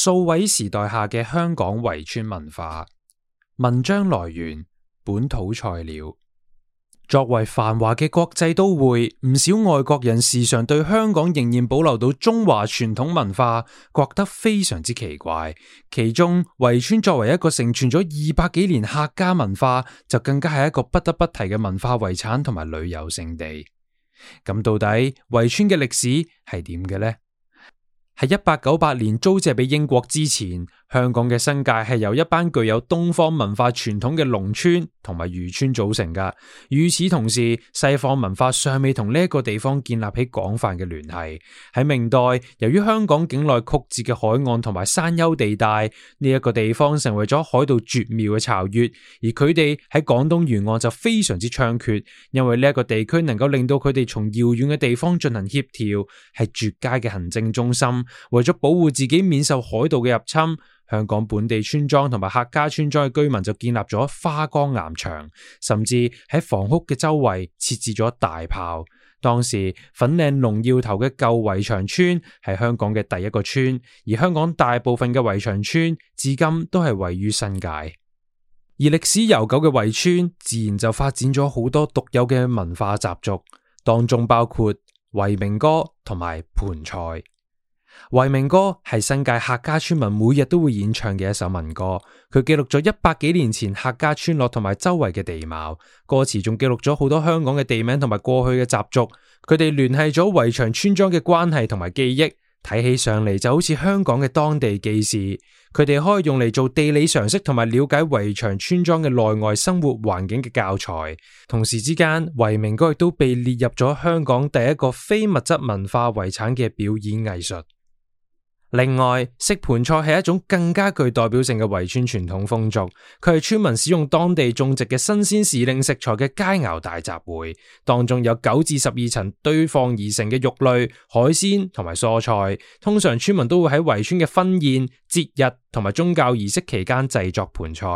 數位時代下嘅香港圍村文化，文章來源本土菜鳥。作為繁華嘅國際都會，唔少外國人時常對香港仍然保留到中華傳統文化，覺得非常之奇怪。其中圍村作為一個承傳咗二百幾年客家文化，就更加係一個不得不提嘅文化遺產同埋旅遊勝地。咁到底圍村嘅歷史係點嘅呢？喺一八九八年租借俾英國之前，香港嘅新界係由一班具有東方文化傳統嘅農村同埋漁村組成噶。與此同時，西方文化尚未同呢一個地方建立起廣泛嘅聯繫。喺明代，由於香港境內曲折嘅海岸同埋山丘地帶，呢一個地方成為咗海盜絕妙嘅巢穴，而佢哋喺廣東沿岸就非常之猖獗，因為呢一個地區能夠令到佢哋從遙遠嘅地方進行協調，係絕佳嘅行政中心。為咗保護自己免受海盜嘅入侵，香港本地村莊同埋客家村莊嘅居民就建立咗花崗岩牆，甚至喺房屋嘅周圍設置咗大炮。當時粉嶺龍躍頭嘅舊圍牆村係香港嘅第一個村，而香港大部分嘅圍牆村至今都係位於新界。而歷史悠久嘅圍村，自然就發展咗好多獨有嘅文化習俗，當中包括圍名歌同埋盆菜。圍名歌，係新界客家村民每日都會演唱嘅一首民歌，佢記錄咗一百幾年前客家村落同埋周圍嘅地貌，歌詞仲記錄咗好多香港嘅地名同埋過去嘅習俗，佢哋聯繫咗圍牆村莊嘅關係同埋記憶，睇起上嚟就好似香港嘅當地記事，佢哋可以用嚟做地理常識同埋了解圍牆村莊嘅內外生活環境嘅教材，同時之間圍名歌亦都被列入咗香港第一個非物質文化遺產嘅表演藝術。另外，食盆菜係一種更加具代表性嘅圍村傳統風俗，佢係村民使用當地種植嘅新鮮時令食材嘅佳肴大集會，當中有九至十二層堆放而成嘅肉類、海鮮同埋蔬菜，通常村民都會喺圍村嘅婚宴、節日同埋宗教儀式期間製作盆菜。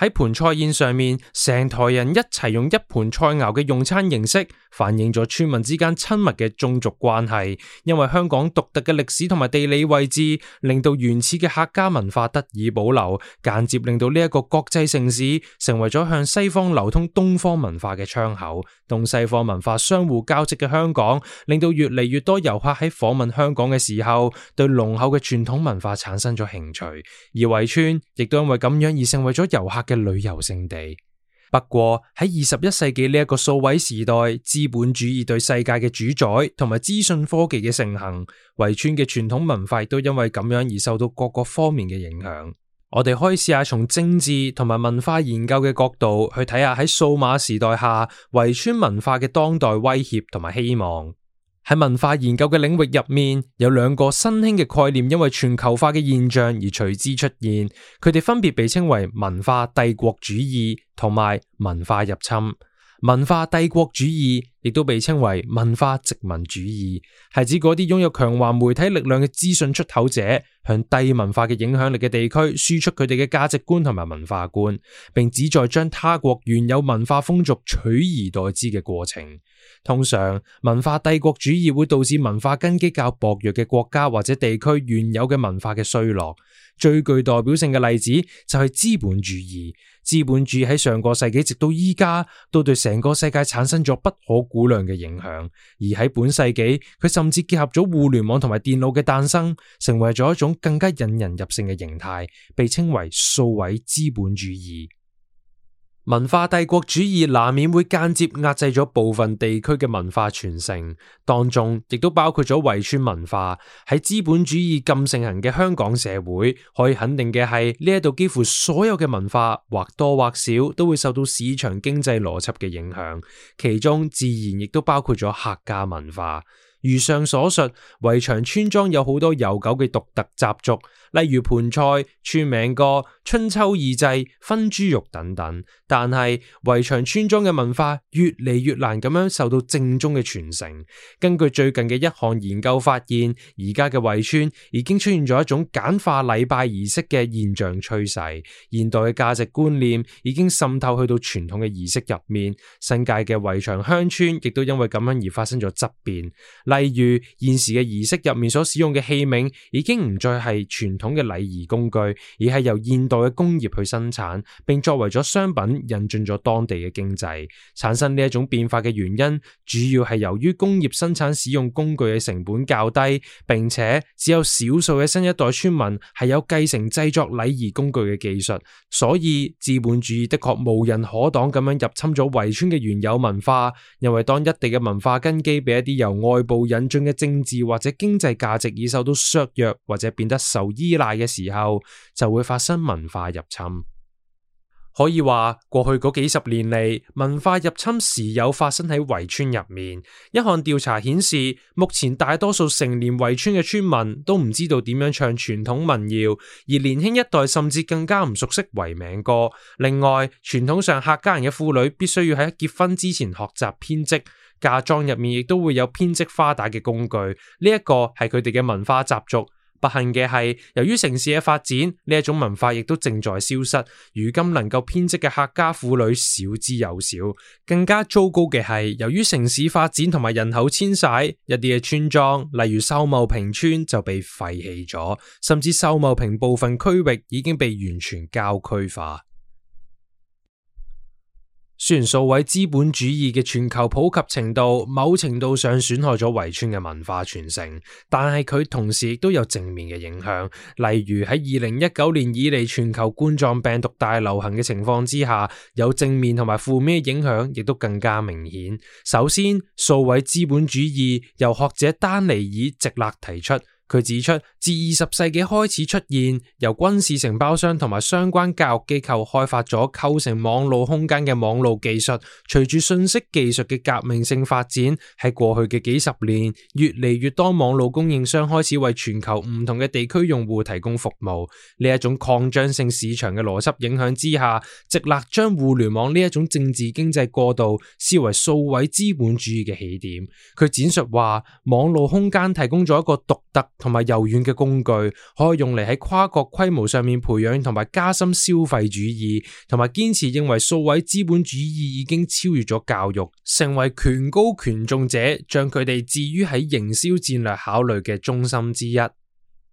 喺盆菜宴上面，成台人一齊用一盆菜餚嘅用餐形式，反映咗村民之間親密嘅宗族關係。因為香港獨特嘅歷史同埋地理位置，令到原始嘅客家文化得以保留，間接令到呢一個國際城市成為咗向西方流通東方文化嘅窗口。同西方文化相互交織嘅香港，令到越嚟越多遊客喺訪問香港嘅時候，對濃厚嘅傳統文化產生咗興趣。而圍村亦都因為咁樣而成為咗遊客。嘅旅遊勝地，不過喺二十一世紀呢一個數位時代，資本主義對世界嘅主宰，同埋資訊科技嘅盛行，圍村嘅傳統文化都因為咁樣而受到各個方面嘅影響。我哋可以試下從政治同埋文化研究嘅角度去睇下喺數碼時代下圍村文化嘅當代威脅同埋希望。喺文化研究嘅領域入面，有兩個新興嘅概念，因為全球化嘅現象而隨之出現。佢哋分別被稱為文化帝國主義同埋文化入侵。文化帝國主義。亦都被稱為文化殖民主義，係指嗰啲擁有強橫媒體力量嘅資訊出口者，向低文化嘅影響力嘅地區輸出佢哋嘅價值觀同埋文化觀，並旨在將他國原有文化風俗取而代之嘅過程。通常，文化帝國主義會導致文化根基較薄弱嘅國家或者地區原有嘅文化嘅衰落。最具代表性嘅例子就係資本主義，資本主義喺上個世紀直到依家都對成個世界產生咗不可估量嘅影響，而喺本世紀，佢甚至結合咗互聯網同埋電腦嘅誕生，成為咗一種更加引人入勝嘅形態，被稱為數位資本主義。文化帝國主義難免會間接壓制咗部分地區嘅文化傳承，當中亦都包括咗圍村文化。喺資本主義咁盛行嘅香港社會，可以肯定嘅係呢度幾乎所有嘅文化或多或少都會受到市場經濟邏輯嘅影響，其中自然亦都包括咗客家文化。如上所述，圍牆村莊有好多悠久嘅獨特習俗，例如盆菜、串名歌、春秋二祭、分豬肉等等。但係圍牆村莊嘅文化越嚟越難咁樣受到正宗嘅傳承。根據最近嘅一項研究發現，而家嘅圍村已經出現咗一種簡化禮拜儀式嘅現象趨勢。現代嘅價值觀念已經滲透去到傳統嘅儀式入面，新界嘅圍牆鄉村亦都因為咁樣而發生咗質變。例如現時嘅儀式入面所使用嘅器皿，已經唔再係傳統嘅禮儀工具，而係由現代嘅工業去生產，並作為咗商品引進咗當地嘅經濟。產生呢一種變化嘅原因，主要係由於工業生產使用工具嘅成本較低，並且只有少數嘅新一代村民係有繼承製作禮儀工具嘅技術。所以，資本主義的確無人可擋咁樣入侵咗圍村嘅原有文化，因為當一地嘅文化根基俾一啲由外部引進嘅政治或者經濟價值已受到削弱或者變得受依賴嘅時候，就會發生文化入侵。可以話過去嗰幾十年嚟，文化入侵時有發生喺圍村入面。一項調查顯示，目前大多數成年圍村嘅村民都唔知道點樣唱傳統民謠，而年輕一代甚至更加唔熟悉圍名歌。另外，傳統上客家人嘅婦女必須要喺結婚之前學習編織。嫁妝入面亦都會有編織花帶嘅工具，呢、這、一個係佢哋嘅文化習俗。不幸嘅係，由於城市嘅發展，呢一種文化亦都正在消失。如今能夠編織嘅客家婦女少之又少。更加糟糕嘅係，由於城市發展同埋人口遷徙，一啲嘅村莊，例如秀茂坪村，就被廢棄咗，甚至秀茂坪部分區域已經被完全郊區化。雖然數位資本主義嘅全球普及程度，某程度上損害咗圍村嘅文化傳承，但係佢同時亦都有正面嘅影響。例如喺二零一九年以嚟全球冠狀病毒大流行嘅情況之下，有正面同埋負面嘅影響，亦都更加明顯。首先，數位資本主義由學者丹尼爾直立提出。佢指出，自二十世紀開始出現，由軍事承包商同埋相關教育機構開發咗構成網路空間嘅網路技術。隨住信息技術嘅革命性發展，喺過去嘅幾十年，越嚟越多網路供應商開始為全球唔同嘅地區用戶提供服務。呢一種擴張性市場嘅邏輯影響之下，直立將互聯網呢一種政治經濟過渡視為數位資本主義嘅起點。佢展述話，網路空間提供咗一個獨特同埋柔軟嘅工具，可以用嚟喺跨國規模上面培養同埋加深消費主義，同埋堅持認為數位資本主義已經超越咗教育，成為權高權重者將佢哋置於喺營銷戰略考慮嘅中心之一。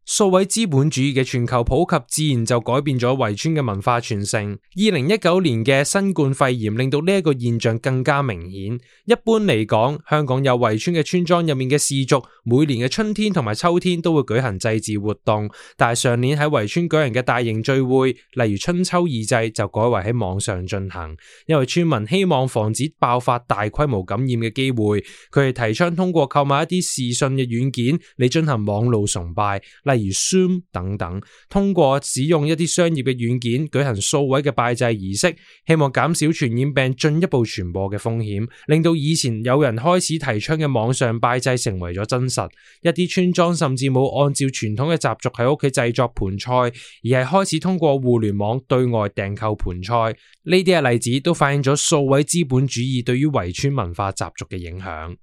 數位資本主義嘅全球普及，自然就改變咗圍村嘅文化傳承。二零一九年嘅新冠肺炎令到呢一個現象更加明顯。一般嚟講，香港有圍村嘅村莊入面嘅氏族，每年嘅春天同埋秋天都會舉行祭祀活動。但係上年喺圍村舉行嘅大型聚會，例如春秋二祭，就改為喺網上進行，因為村民希望防止爆發大規模感染嘅機會。佢哋提倡通過購買一啲視訊嘅軟件，嚟進行網路崇拜。例如 Zoom 等等，通過使用一啲商業嘅軟件舉行數位嘅拜祭儀式，希望減少傳染病進一步傳播嘅風險，令到以前有人開始提倡嘅網上拜祭成為咗真實。一啲村莊甚至冇按照傳統嘅習俗喺屋企製作盤菜，而係開始通過互聯網對外訂購盤菜。呢啲嘅例子都反映咗數位資本主義對於圍村文化習俗嘅影響。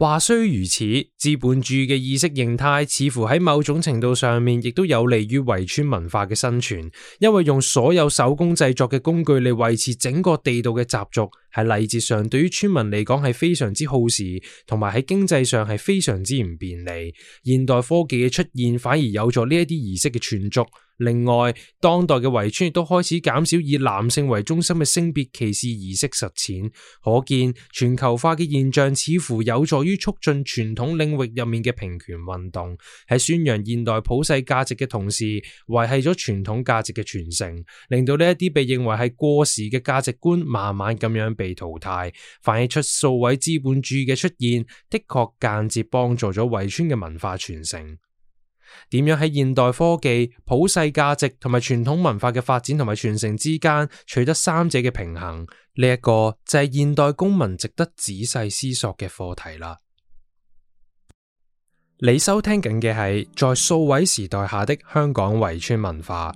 話雖如此，資本主義嘅意識形態似乎喺某種程度上面，亦都有利於圍村文化嘅生存，因為用所有手工製作嘅工具嚟維持整個地道嘅習俗，喺禮節上對於村民嚟講係非常之耗時，同埋喺經濟上係非常之唔便利。現代科技嘅出現反而有助呢一啲儀式嘅存續。另外，當代嘅圍村亦都開始減少以男性為中心嘅性別歧視儀式實踐，可見全球化嘅現象似乎有助於促進傳統領域入面嘅平權運動，喺宣揚現代普世價值嘅同時，維繫咗傳統價值嘅傳承，令到呢一啲被認為係過時嘅價值觀慢慢咁樣被淘汰。反映出數位資本主義嘅出現，的確間接幫助咗圍村嘅文化傳承。點樣喺現代科技、普世價值同埋傳統文化嘅發展同埋傳承之間取得三者嘅平衡，呢一個就係現代公民值得仔細思索嘅課題啦。你收聽緊嘅係在數位時代下的香港圍村文化，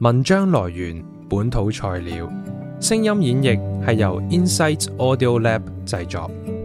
文章來源本土菜烏，聲音演繹係由 Insight Audio Lab 製作。